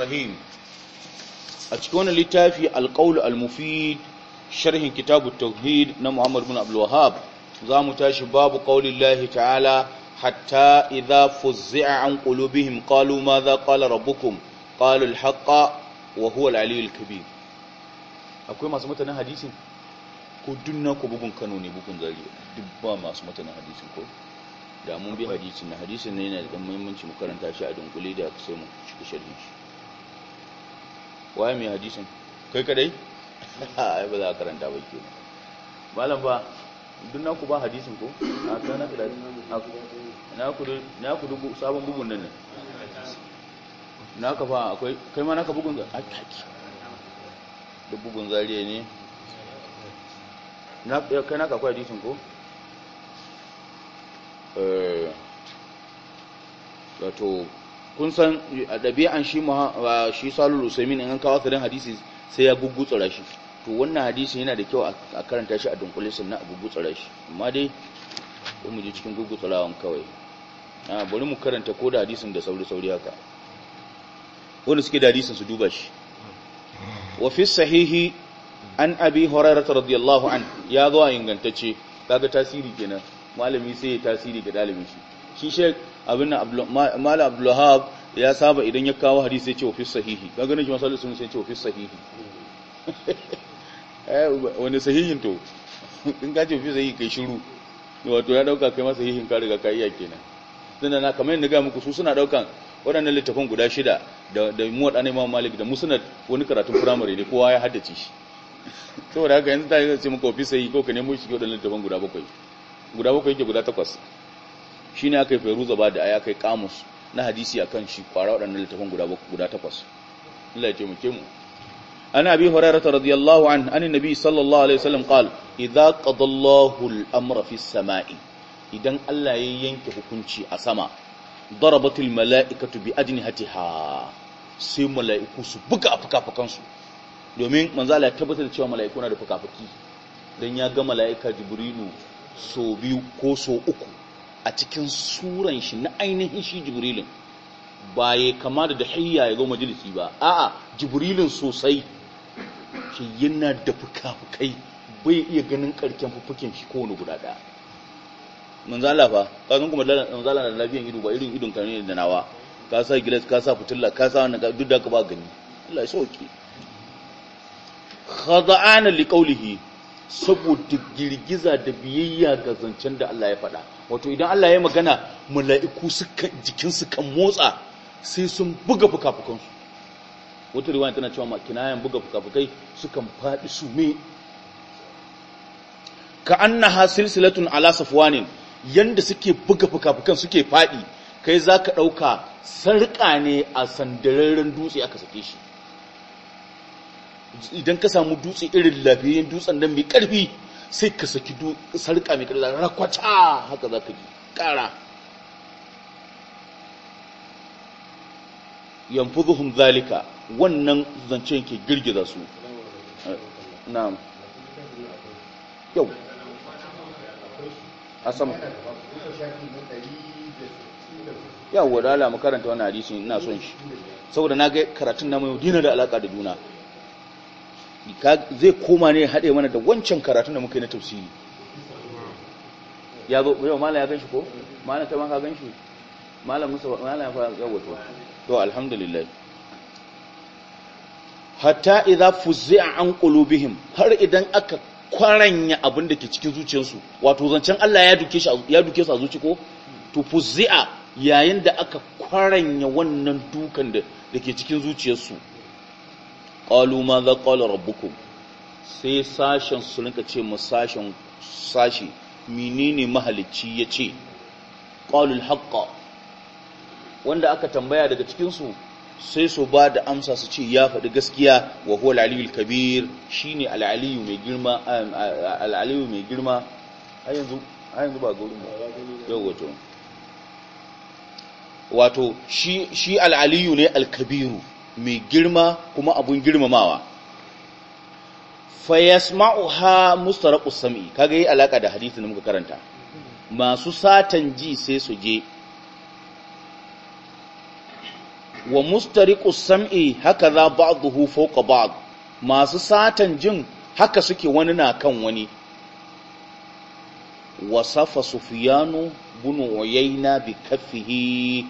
rahim a cikin wani littafi alƙaulu al-mufid sharhin kitabu tauhid na muhammad bin abdul za mu tashi babu lahi ta'ala hatta idza fuzzi'a an qulubihim qalu madha qala rabbukum qalu al-haqqa wa huwa al-aliyyul akwai masu mutanen hadisin ko dunna ko bugun Kano ne bugun zari duk ba masu mutanen hadisin ko da mun bi hadisin na hadisin ne yana da muhimmanci mu karanta shi a dunkule da sai mu shiga sharhin shi waye mai hadisin kai kadai ai ba za ka karanta ba ke malam ba duk naku ba hadisin ko a ta na kadai na ku sabon bugun nan ne naka fa akwai kai ma naka bugun zariya da bugun zariya ne eh, kai naka akwai hadisin ko eh wato kun san ɗabi'an shi shi salul usaimin in an kawo sadan hadisi sai ya tsara shi to wannan hadisi yana da kyau a karanta shi a dunkule sannan a tsara shi amma dai ko mu je cikin tsarawan kawai a bari mu karanta ko da hadisin da sauri sauri haka wanda suke da hadisin su duba shi wa fi sahihi an abi hurairah radiyallahu an ya zo a ingantacce kaga tasiri kenan malami sai ya tasiri ga dalibin shi shi abin mala abdullahab ya saba idan ya kawo hadisi sai ce fi sahihi ga ganin shi masu alisun sai ce fi sahihi eh, wani sahihin to in ka ce fi sahihi kai shiru wato ya dauka kai ma sahihin ka riga ka iya kenan Suna na kamar yadda gaya muku su suna daukan waɗannan littafin guda shida da da mu waɗannan imam malik da musnad wani karatun firamare ne kowa ya haddace shi saboda haka yanzu ta ce muku ofis sahihi ko ka nemo shi waɗannan littafin guda bakwai guda bakwai yake guda takwas ne aka yi feruza ba da aya kai kamus na hadisi a kan shi kwara waɗannan littafin guda takwas Allah ya ce mu mu an abi hurairah radiyallahu an an nabi sallallahu alaihi wasallam qal idza qada Allahu amra fi samai idan Allah ya yanke hukunci a sama darabatul mala'ikatu bi ajnihatiha sai mala'iku su buga fukafukansu domin manzo Allah ya tabbatar da cewa mala'iku na da fukafuki dan ya ga mala'ika jibrilu so biyu ko so uku a cikin suran shi na ainihin shi jibrilin ba ya kama da dahiyya ya zo majalisi ba a'a jibrilin sosai shi yana da fuka-fukai bai iya ganin karken fufukin shi kowane guda ɗaya manzala fa kasan kuma manzala da lafiyan ido ba irin idon karni da nawa ka sa gilas ka sa fitilla ka sa wannan duk da ka ba gani Allah ya sauke khada'ana liqaulihi saboda girgiza da biyayya ga zancen da Allah ya faɗa wato idan Allah ya magana mala'iku jikinsu kan motsa sai sun buga fukafukansu wata riwaya tana cewa makinayen buga fukafukai sukan faɗi su me ka annaha silsilatun ala safwanin yanda suke buga fukafukan suke faɗi kai za ka ɗauka sarƙa ne a sandararren dutse aka sake shi idan ka samu dutse irin lafiyayyen dutsen nan mai ƙarfi sai ka saki sarƙa mai ƙarfi rakwata haka za ka ji ƙara zuhun zalika wannan zancen ke girgiza su na yau a sama yau wadala makaranta wani hadisi ina son shi saboda na ga karatun na mai dina da alaka da juna zai koma ne haɗe mana da wancan karatun da muka yi na tafsiri ya zo yau mala ya ganshi ko mala ta ma ka ganshi mala musa mala ya fara yawato to alhamdulillah hatta idza fuzza an qulubihim har idan aka kwaranya abin da ke cikin zuciyarsu wato zancen Allah ya duke shi ya duke su a zuci ko to fuzza yayin da aka kwaranya wannan dukan da ke cikin zuciyarsu qalu ma za qala rabbukum sai sashen su rinka ce mu sashen sashi menene mahalicci yace qalu al wanda aka tambaya daga cikin su sai su ba da amsa su ce ya faɗi gaskiya wa huwa al-aliyul kabir shine al-aliyu mai girma al mai girma har yanzu har yanzu ba gurin ba yau wato wato shi shi al ne al-kabiru mai girma kuma abun girmamawa fayasma'u ha mustaraqus sam'i kaga yi alaka da hadisin da muka karanta masu satan ji sai su je wa mustariqus sam'i haka za ba'dahu fawqa ba'd masu satan jin haka suke wani na kan wani wasafa sufyanu bunu uyayna bi kaffihi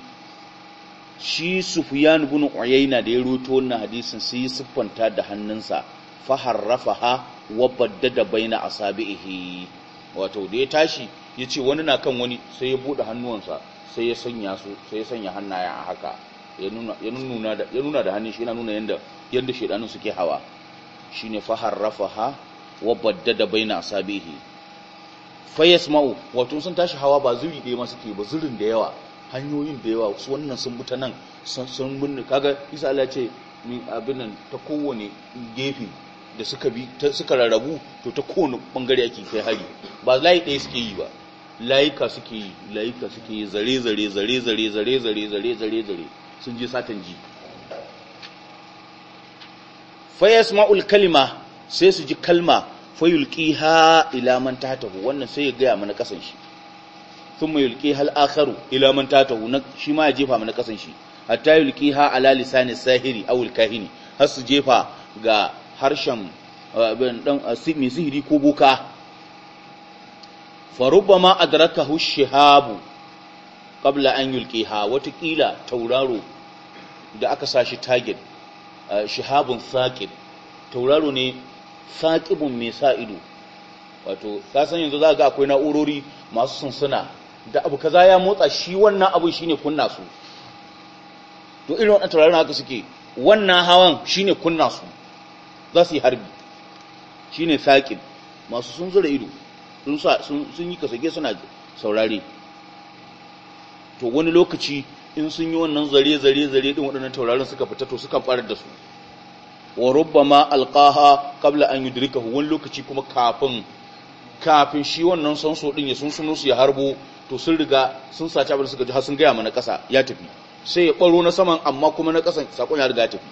shi sufyan bin uyayna da ya ruto wannan hadisin sai siffanta da hannunsa fa harrafaha wa baddada baina asabihi wato da ya tashi yace wani na kan wani sai ya bude hannuwansa sai ya sanya su sai ya sanya hannayen a haka ya nuna da ya nuna da hannun shi yana nuna yanda yanda shedanin suke hawa shine fa harrafaha wa baddada baina asabihi fa yasma'u wato sun tashi hawa ba zuri da ma suke ba zurin da yawa hanyoyin da yawa su wannan sun bi nan sun binne kaga isa ala ce ni abin ta kowane gefe da suka bi suka rarrabu to ta kowane bangare ake kai hari ba layi ɗaya suke yi ba layika suke yi layika suke yi zare zare zare zare zare zare zare zare zare sun je satan ji fa yasma'ul kalima sai su ji kalma fayulqiha ila man tahtahu wannan sai ya gaya mana kasan shi mai yulki hal akharu ila man tatahu shi ma ya jefa mana kasan shi hatta ha ala lisani sahiri aw al-kahini har su jefa ga harshen uh, dan uh, mai sihiri ko boka farubbama adrakahu shihabu qabla an wata watakila tauraro da aka sashi target uh, shihabun saqib tauraro ne saqibun mai sa ido wato kasan yanzu za ga akwai na'urori masu sunsuna da abu kaza ya motsa shi wannan abu shine kunna su to irin wannan tauraron haka suke wannan hawan shine kunna su za su yi harbi shine saƙin masu sun zura ido sun yi kasage suna saurare to wani lokaci in sun yi wannan zare zare zare din waɗannan taurarin suka fita to sukan farar da su wa rubbama alqaha qabla an yudrikahu wani lokaci kuma kafin kafin shi wannan sanso din ya sunsuno su ya harbo to sun riga sun saci abin suka ji har sun gaya mana ƙasa ya tafi sai ya ɓaro na saman amma kuma na ƙasan sakon ya riga tafi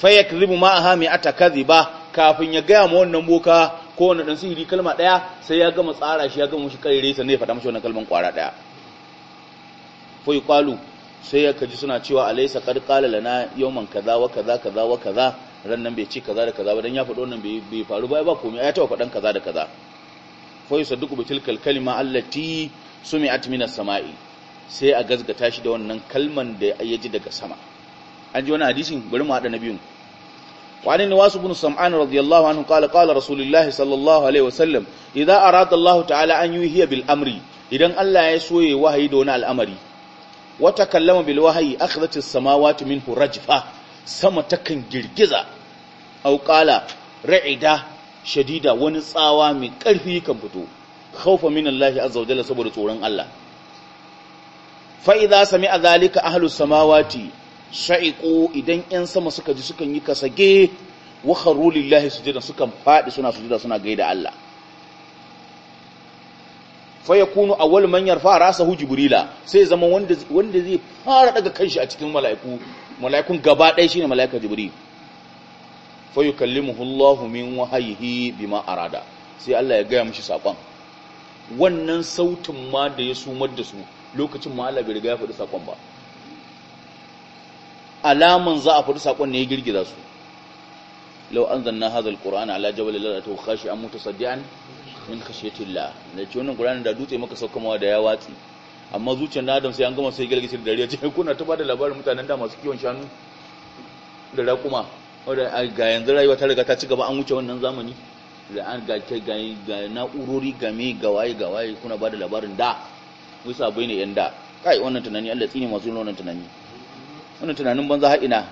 fa hami ma'aha mi'ata ba kafin ya gaya ma wannan boka ko wannan dan sihiri kalma daya sai ya gama tsara shi ya gama shi kare sai ya faɗa mashi wannan kalman kwara daya fa yuqalu sai ya kaji suna cewa alaysa qad qala lana yawman kaza wa kaza kaza wa kaza ran nan bai ci kaza da kaza ba dan ya faɗo wannan bai faru ba ba komai ya taɓa faɗan kaza da kaza fa yusa duk bitilkal kalima allati sumi'at minas sama'i sai a gazgata shi da wannan kalman da yaji daga sama an ji wannan hadisin bari mu hada nabiyun wani ne wasu bin sam'an radiyallahu anhu qala qala rasulullahi sallallahu alaihi wasallam idza arada allah ta'ala an yi bil bil'amri, idan allah ya soye wahayi da wani al'amari Wata kallama bil aka akhadhati as-samawati minhu rajfa sama takan girgiza aukala ra'ida shadida wani tsawa mai ƙarfi kan fito khawfa min Allah azza wa saboda tsoron Allah fa idza sami'a zalika ahlus samawati sha'iqu idan ƴan sama suka ji sukan yi kasage wa kharu lillahi sujudan sukan fadi suna sujuda suna gaida Allah fa yakunu awwal man yarfa rasahu jibrila sai zama wanda wanda zai fara daga kanshi a cikin mala'iku mala'ikun gaba ɗaya shine mala'ika jibril fa yukallimuhu Allahu min wahyihi bima arada sai Allah ya gaya mishi sakon wannan sautin ma da ya sumar da su lokacin ma Allah bai riga ya faɗi sakon ba alaman za a faɗi sakon ne ya girgiza su law anzalna hadha alqur'ana ala jabalin la'atu khashi'an mutasaddian min khashyatillah da ce wannan qur'ani da dutse maka saukamawa da ya watsi amma zuciyar na Adam sai an gama sai girgice da dariya ce kuna ta bada labarin mutanen da masu kiwon shanu da raƙuma ga yanzu rayuwa ta riga ta ci gaba an wuce wannan zamani da an ga ke ga na'urori game ga waye ga waye kuna ba da labarin da mu bai ne yan da kai wannan tunani Allah tsine masu yin wannan tunani wannan tunanin banza ha ina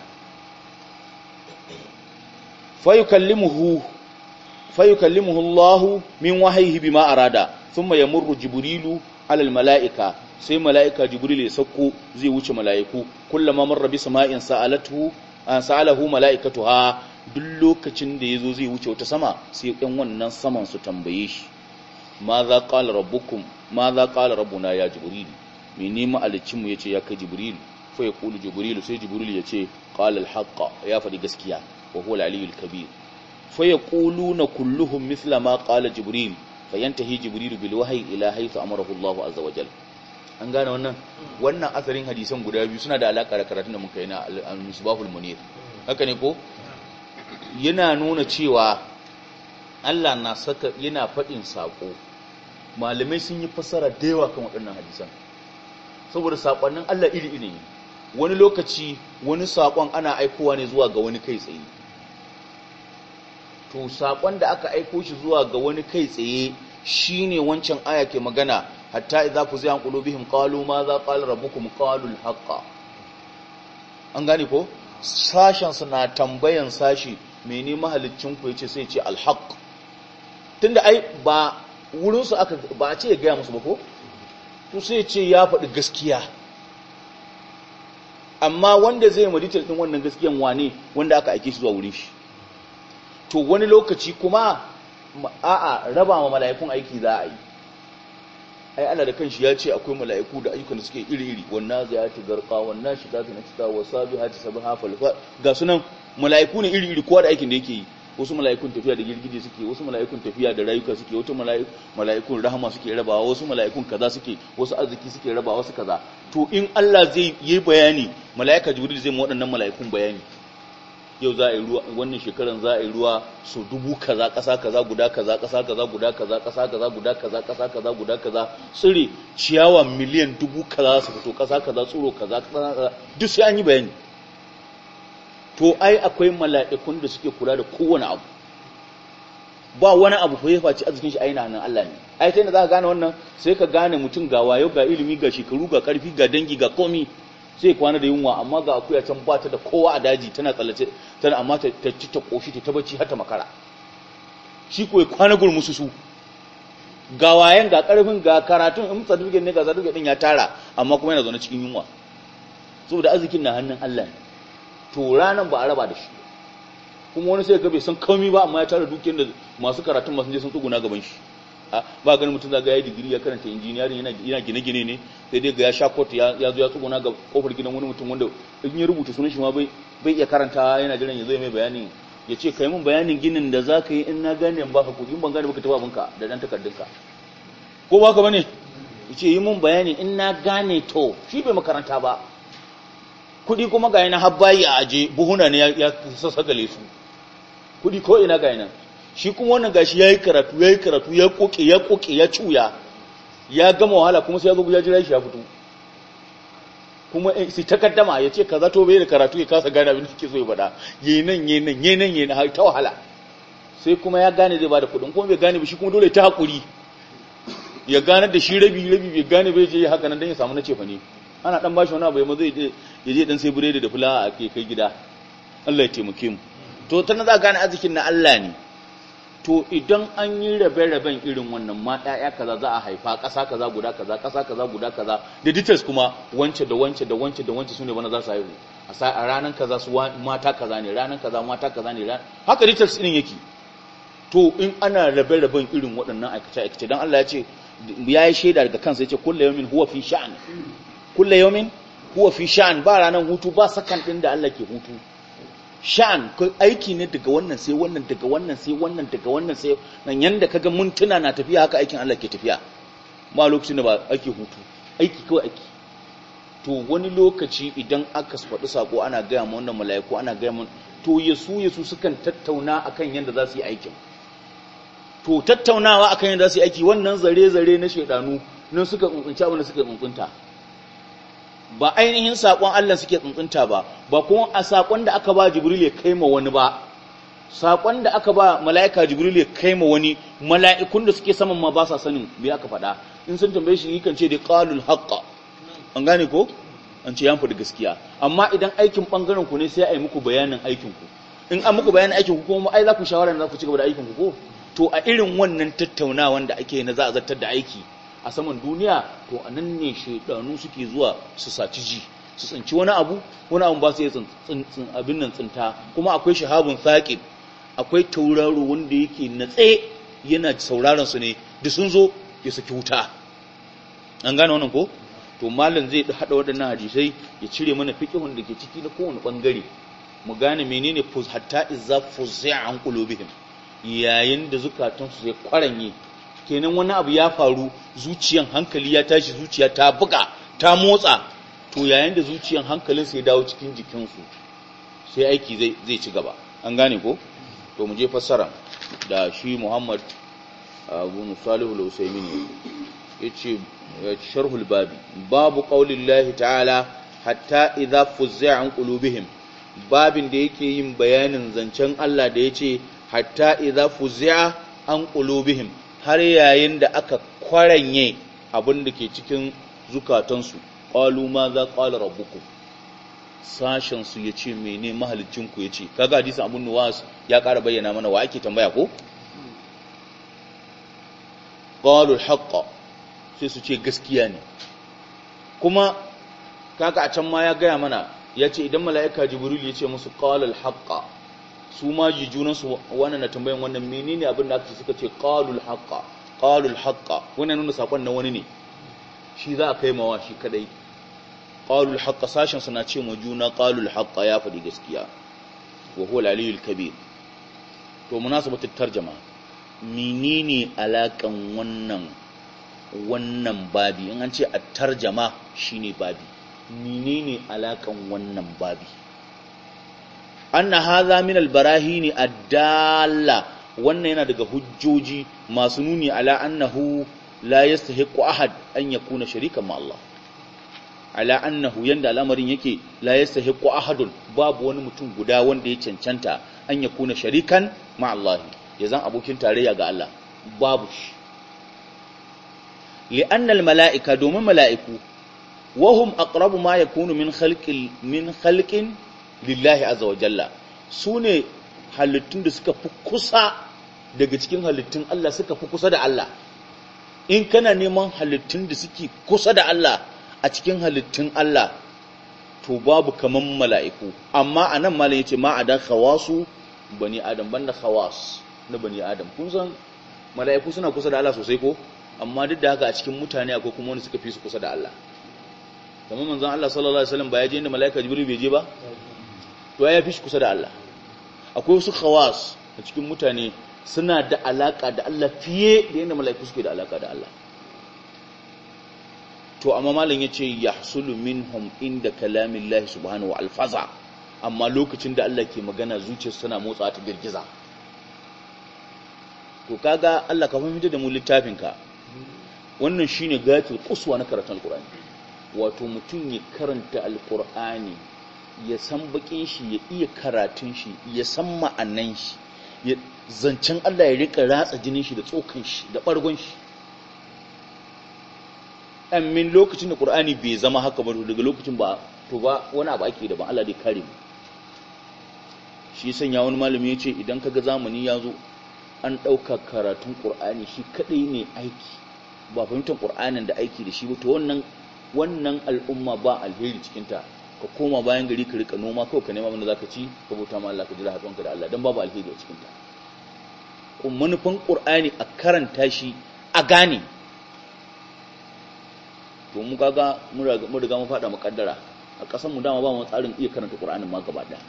fayukallimuhu fayukallimuhu Allah min wahyihi bima arada thumma yamurru jibrilu ala mala'ika sai mala'ika jibril ya sauko zai wuce mala'iku kullama marra bi sama'in sa'alatu salahu mala'ikatuha duk lokacin da yazo zai wuce wata sama sai yan wannan saman su tambaye shi ma za qala rabbukum ma za ya jibril me ne mu ya yace ya kai jibril fa yaqulu jibril sai jibril yace ce al-haqqa ya faɗi gaskiya wa huwa al-aliyyul kabir fa yaquluna kulluhum mithla ma qala jibril fayantahi jibril bil wahyi ila haythu amarahu Allah azza wa an gane wannan wannan asarin hadisan guda biyu suna da alaƙa da karatun da muka yi na al-musbahul munir haka ne ko yana nuna cewa Allah na saka yana faɗin saƙo malamai sun yi fasara da yawa kan waɗannan hadisan saboda saƙonnin Allah iri-iri ne wani lokaci wani saƙon ana aikowa ne zuwa ga wani kai tsaye to saƙon da aka aiko shi zuwa ga wani kai tsaye shine wancan aya ke magana hatta idza fuzi an qulubihim qalu ma za qala rabbukum qalu al haqa an gane ko sashen suna tambayan sashi meni mahalicin ku yace sai ce al haq tunda ai ba wurin su aka ba a ce ya gaya musu ba ko to sai ce ya faɗi gaskiya amma wanda zai maditar din wannan gaskiyan wane wanda aka aike shi zuwa wurin shi to wani lokaci kuma a'a raba ma mala'ikun aiki za a yi ai Allah da kanshi ya ce akwai mala'iku da ayyukan da suke iri-iri wannan za ya garka wannan shi za ta nacita wa sabi hati sabi ga sunan mala'iku ne iri-iri kowa da aikin da yake yi wasu mala'ikun tafiya da girgije suke wasu mala'ikun tafiya da rayuka suke wasu mala'ikun rahama suke rabawa wasu mala'ikun kaza suke wasu arziki suke rabawa wasu kaza to in Allah zai yi bayani mala'ika jibril zai mu waɗannan mala'ikun bayani yau za a yi ruwa wannan shekaran za a yi ruwa so dubu kaza kasa kaza guda kaza kasa kaza guda kaza kasa kaza guda kaza kasa kaza guda kaza tsiri ciyawa miliyan dubu kaza su fito kasa kaza tsuro kaza duk sai an yi bayani to ai akwai mala'ikun da suke kula da kowane abu ba wani abu fa ya faci arzikin shi aina nan Allah ne ai sai yadda za ka gane wannan sai ka gane mutum ga wayo ga ilimi ga shekaru ga karfi ga dangi ga komi sai kwana da yunwa amma ga akuya can ba ta da kowa a daji tana tsallace tana amma ta ci ta ƙoshi ta tabbaci har ta makara shi ko ya kwana gurmusu su ga wayan ga ƙarfin ga karatun in certificate ne ga certificate din ya tara amma kuma yana zaune cikin yunwa saboda arzikin na hannun Allah ne to ranan ba a raba da shi kuma wani sai ka bai san komai ba amma ya tara dukiyar da masu karatun masu je sun tsuguna gaban shi ba ganin mutum zaga ya digiri ya karanta injiniyarin yana gine-gine ne sai dai ga ya sha kotu ya zo ya tsuguna ga kofar gidan wani mutum wanda in ya rubuta sunan shi ma bai bai iya karanta yana jiran ya zo mai bayani ya ce kai mun bayanin ginin da za ka yi in na gane ba ka kuɗi in ban gane baka tafi abinka da ɗan takardunka ko ka bane ya ce yi mun bayani in na gane to shi bai makaranta ba kuɗi kuma ga yana habbayi a aje buhuna ne ya sassagale su kuɗi ko ina ga yana shi kuma wannan gashi ya yi karatu ya yi karatu ya koke ya koke ya cuya ya gama wahala kuma sai ya zo ya shi ya fito kuma eh, ta kaddama ya ce ka zato bai da karatu ya kasa gane abin da ke so ya faɗa yayi nan yayi nan yayi nan yayi ta wahala sai kuma ya gane zai bada kuɗin kuma bai gane ba shi kuma dole ta hakuri ya gane da shi rabi rabi bai gane bai je haka nan dan ya samu na cefa ne ana dan bashi wani abu ya zai je ya je dan sai biredi da fulawa a kai kai gida Allah ya taimake mu to tana za gane arzikin na Allah ne to idan an yi rabe-raben irin wannan ma ɗaya kaza za a haifa ƙasa kaza guda kaza ƙasa kaza guda kaza da details kuma wance da wance da wance da wance sune bana za su haihu a ranar kaza su mata kaza ne ranar kaza mata kaza ne haka details ɗin yake to in ana rabe-raben irin waɗannan aikace-aikace don Allah ya ce ya yi shaida daga kansa ya ce kulle yawmin huwa fi sha'an kulle yawmin huwa fi sha'an ba ranar hutu ba sakan ɗin da Allah ke hutu sha'an aiki ne daga wannan sai wannan daga wannan sai wannan daga wannan sai nan yanda kaga mintuna na tafiya haka aikin Allah ke tafiya ba lokacin da ba ake hutu aiki kawai aiki to wani lokaci idan aka faɗi sako ana gaya ma wannan mala'iku ana gaya mun to yesu yesu sukan tattauna akan yanda za su yi aikin to tattaunawa akan yanda za su yi aiki wannan zare zare na shedanu nan suka tsuntsunta wannan suka tsuntsunta ba ainihin saƙon Allah suke tsuntsunta ba ba kuma a saƙon da aka ba jibril ya kai ma wani ba saƙon da aka ba mala'ika jibril ya kai ma wani mala'ikun da suke saman ma ba sa sanin bi aka faɗa in sun tambaye shi yakan ce da qalul haƙƙa. an gane ko an ce ya faɗi gaskiya amma idan aikin bangaren ku ne sai ai muku bayanin aikin ku in an muku bayanin aikin ku kuma ai za ku shawara ne za ku ci gaba da aikin ku ko to a irin wannan tattaunawan da ake na za a zartar da aiki a saman duniya to a nan ne shaidanu suke zuwa su saci ji su tsinci wani abu wani abu ba su yi abin nan tsinta kuma akwai shahabun saƙi akwai tauraro wanda yake natse yana sauraron su ne da sun zo ya saki wuta an gane wannan ko to malam zai haɗa waɗannan hadisai ya cire mana fiqhun da ke ciki na kowane ɓangare mu gane menene fuz hatta izza a an qulubihim yayin da zukatansu zai kwaranye kenan wani abu ya faru zuciyan hankali ya tashi zuciya ta buga ta motsa to yayin da zuciyan hankalin sai dawo cikin jikinsu sai aiki zai ci gaba an gane ko to mu je fassara da shi Muhammad Abu uh, Salihu ne ya ce uh, sharhul babi babu lahi ta'ala hatta idza fuzza an qulubihim babin da yake yin bayanin zancen Allah da ya ce hatta iza fuzza an qulubihim har yayin da aka kwaranye abin da ke cikin zukatansu ƙwalu ma za ƙwalar rabbukum sashensu ya ce mene mahalicinku ya ce kaga hadisin abin nuwas ya ƙara bayyana mana wa ake tambaya ko ƙwalu haƙƙa sai su ce gaskiya ne kuma kaga a can ma ya gaya mana ya ce idan mala'ika jibril ya ce musu ƙwalu haƙƙa su ma jijunansu wannan na tambayan wannan menene abin da aka suka ce qalul haqqa qalul haqqa wannan nuna sakon na wani ne shi za a kai mawa shi kadai qalul haqqa sashin suna ce mu juna qalul haqqa ya faɗi gaskiya wa huwa al-aliyul kabir to munasabatu tarjuma menene alakan wannan wannan babi in an ce at-tarjuma shine babi menene alakan wannan babi anna hadha min albarahini addalla wannan yana daga hujjoji masu nuni ala annahu la yastahiqu ahad an yakuna sharikan ma Allah ala annahu yanda al'amarin yake la yastahiqu ahadun babu wani mutum guda wanda ya cancanta an yakuna sharikan ma Allah ya zan abokin tarayya ga Allah babu shi mala'ika domin mala'iku wahum aqrabu ma ya min min halkin? lillahi azza wa jalla su ne halittun da suka fi kusa daga cikin halittun Allah suka fi kusa da Allah in kana neman halittun da suke kusa da Allah a cikin halittun Allah to babu kaman mala'iku amma a nan malam yace ma adan khawasu bani adam banda khawas na bani adam kun san mala'iku suna kusa da Allah sosai ko amma duk da haka a cikin mutane akwai kuma wani suka fi su kusa da Allah kamar manzon Allah sallallahu alaihi wasallam ba ya je inda mala'ika jibril bai je ba to ya fi shi kusa da Allah akwai wasu khawas a cikin mutane suna da alaka da Allah fiye da yadda mala'iku suke da alaka da Allah to amma malam yace yahsulu minhum inda kalamillahi subhanahu wa alfaza amma lokacin da Allah ke magana zuciyarsu suna motsa ta girgiza to kaga Allah ka fahimta da mu littafin ka wannan shine gatil kuswa na karatun alqur'ani wato mutum ya karanta alqur'ani ya san bakin shi ya iya karatun shi ya san ma'anan shi ya zancen Allah ya rika ratsa jinin shi da tsokan shi da bargon shi amin lokacin da Qur'ani bai zama haka ba daga lokacin ba to ba wani abu ake da ba Allah dai kare mu shi sanya wani malami ya ce idan kaga zamani ya zo an ɗauka karatun ƙur'ani shi kaɗai ne aiki ba fahimtar ƙur'anin da aiki da shi ba to wannan al'umma ba alheri cikinta ka koma bayan gari ka rika noma kawai ka nema abin da ka ci ka bauta ma Allah ka jira hakonka da Allah don babu alheri a cikinta. Kuma manufan qur'ani a karanta shi a gane to mu kaga mu riga mu faɗa makaddara a kasan mu dama ba mu tsarin iya karanta qur'anin ma gaba ɗaya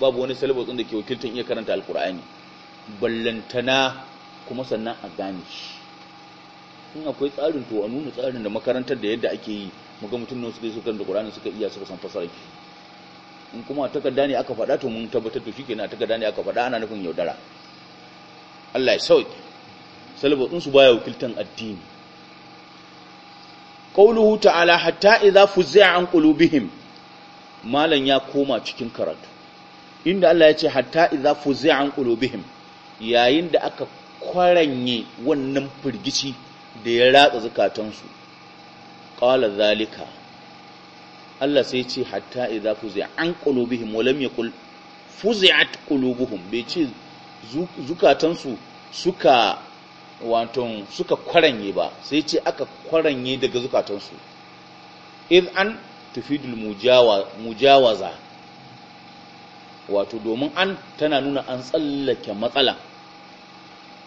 babu wani syllabus din da ke wakiltar iya karanta alƙur'ani ballantana kuma sannan a gane shi in akwai tsarin to a nuna tsarin da makarantar da yadda ake yi mu ga mutum nan suka su kan da Qur'ani suka iya suka san fasara shi in kuma a takarda ne aka faɗa to mun tabbatar to shikenan a takarda ne aka faɗa ana nufin yaudara Allah ya sauki salabo din su baya wakiltan addini Ƙauluhu ta'ala hatta idza zai an qulubihim malan ya koma cikin karatu inda Allah ya ce hatta idza zai an qulubihim yayin da aka kwaranye wannan firgici da ya ratsa zukatansu qala zalika Allah sai ce hatta idza fuzi'a an qulubihim wa lam yaqul fuzi'at qulubuhum bai ce su suka wanton suka kwaranye ba sai ce aka kwaranye daga su iz an tufidul mujawaza wato domin an tana nuna an tsallake matsala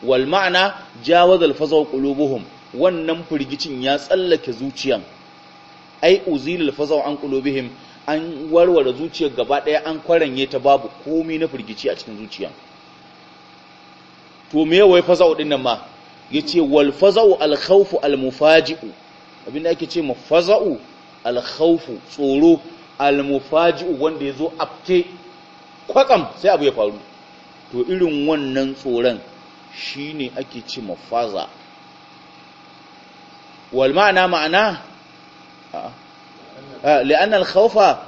wal ma'ana jawazal fazaw qulubuhum wannan firgicin ya tsallake zuciyan ai uzilul fazaw an qulubihim an warware zuciyar gaba ɗaya an kwaranye ta babu komai na firgici a cikin zuciyan to me wai fazaw din nan ma yace wal fazaw al khawf al mufaji'u abinda ake ce mafaza'u al khawf tsoro al mufaji'u wanda yazo afke kwatsam sai abu ya faru to irin wannan tsoron shine ake ce mafaza wal ma'ana ma'ana li'an al-khawfa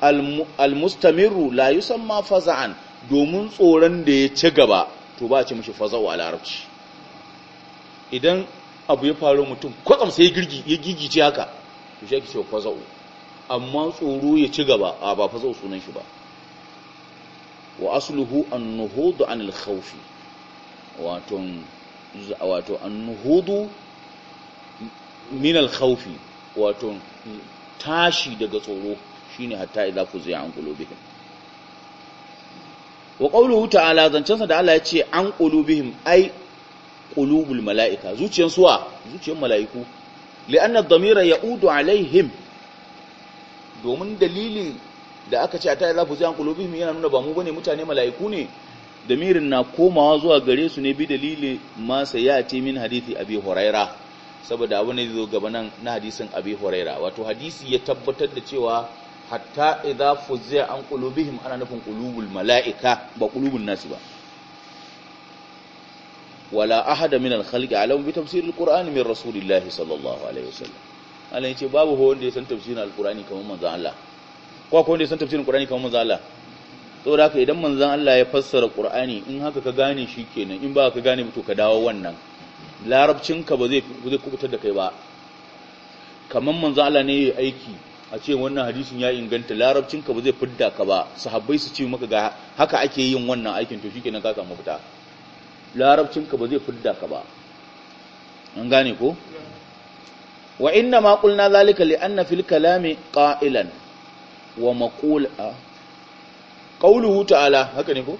al-mustamiru la yusamma faza'an domin tsoron da ya ci gaba to ba ce mishi faza'u a larabci idan abu ya faru mutum kwatsam sai ya gigice haka to shi ake cewa faza'u amma tsoro ya ci gaba a ba faza'u sunan shi ba wa asluhu an-nuhudu anil khawfi wato wato an minal khawfi wato tashi daga tsoro shine hatta idza fuzi'a an qulubihim wa qawluhu ta'ala zancensa da Allah ya ce an qulubihim ai qulubul mala'ika zuciyan suwa zuciyan mala'iku li'anna ad-damira ya'udu alaihim domin dalilin da aka ce hatta idza fuzi'a an qulubihim yana nuna ba mu bane mutane mala'iku ne damirin na komawa zuwa gare su ne bi dalili ma sayati min hadithi abi hurairah saboda abu ne zo gaba nan na hadisin abi huraira wato hadisi ya tabbatar da cewa hatta idza fuzza an qulubihim ana nufin qulubul malaika ba qulubun nasu ba wala ahada min al-khalqi alam bi tafsir al-qur'ani min rasulillahi sallallahu alaihi wasallam Allah ya ce babu ho wanda ya san tafsirin al-qur'ani kamar manzon Allah ko ko wanda ya san tafsirin al-qur'ani kamar manzon Allah saboda haka idan manzon Allah ya fassara qur'ani in haka ka gane shikenan in ba ka gane to ka dawo wannan larabcinka ba zai kubutar da kai ba kamar manzo Allah ne yayi aiki a ce wannan hadisin ya inganta larabcinka ba zai fidda ka ba sahabbai su ce maka ga haka ake yin wannan aikin to shikenan ka samu fita larabcinka ba zai fidda ka ba an gane ko wa inna ma qulna zalika li anna fil kalami qa'ilan wa maqula qawluhu ta'ala haka ne ko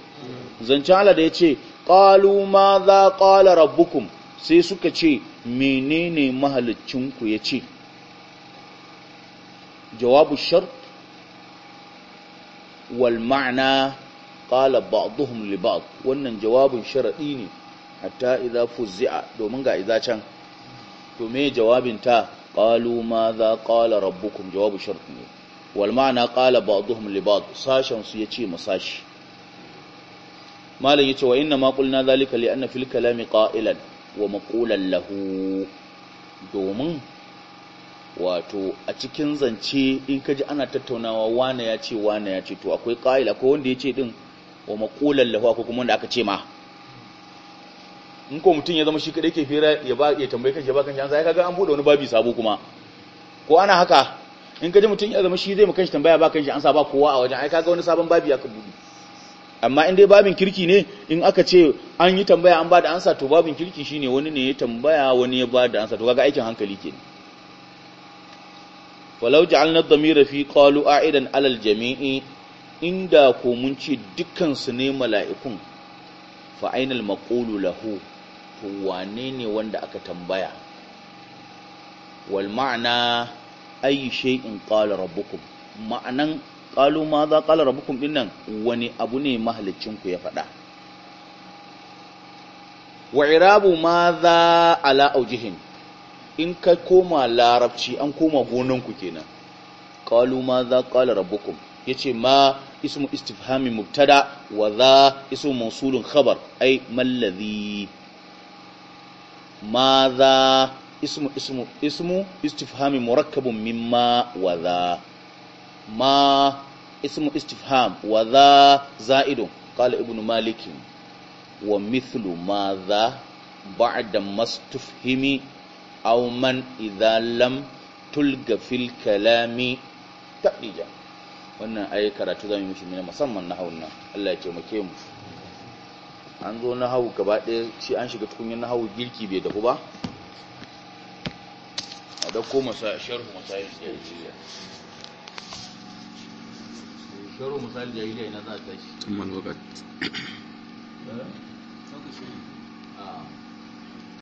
zancen Allah da yace qalu ma za qala rabbukum sai suka ce menene mahalicinku ya ce jawabu shart wal ma'ana qala ba'dhum li ba'd wannan jawabin sharadi ne hatta idza fuzzi'a domin ga idza can to me jawabin ta qalu ma za qala rabbukum jawabu shart ne wal ma'ana qala ba'dhum li ba'd sashen su yace masashi malam yace wa inna ma qulna zalika li anna fil kalami qa'ilan wa maƙulan lahu domin wato a cikin zance in ka ji ana tattaunawa wane ya ce wane ya ce to akwai ƙa'il akwai wanda ya ce ɗin wa maƙulan lahu akwai kuma wanda aka ce ma in ko mutum ya zama shi kaɗai ke fira ya ba ya tambaye kanshi ya ba kanshi an sai kaga an buɗe wani babi sabo kuma ko ana haka in ka ji mutum ya zama shi zai mu shi tambaya ba kanshi an sa ba kowa a wajen ai kaga wani sabon babi aka buɗe amma in dai babin kirki ne in aka ce an yi tambaya an ba da ansa to babin kirki shi ne wani ne ya tambaya wani ya bada ansa to kaga aikin hankali kenan walau ja'alna ad-damira fi qalu a'idan 'alal jami'i inda ko mun ce dukkan ne mala'ikun fa ainal maqulu lahu to wane ne wanda aka tambaya wal ma'ana ayi shay'in qala rabbukum ma'anan Ƙalu ma za qala rabbukum nan, wani abu ne mahalicin ku ya faɗa wa irabu ma za ala aujihin in ka koma larabci an koma gonanku kenan qalu ma za qala rabbukum yace ma ismu istifhami mubtada wa za ismu mawsulun khabar ai mallazi ma za ismu ismu ismu istifhami murakkabun mimma wa za ma ismu istifham wa za za'idun qala ibnu malik wa mithlu ma za da mastufhimi aw man idza tulga fil kalami taqija wannan ayi karatu yi mishi ne musamman na haunna Allah ya ce muke mu an zo na hawu gaba ɗaya ci an shiga tukunyar na hawu girki bai dafu ba a dauko masa sharhu masa yin tsaye karo misali jahiliya ina za a tashi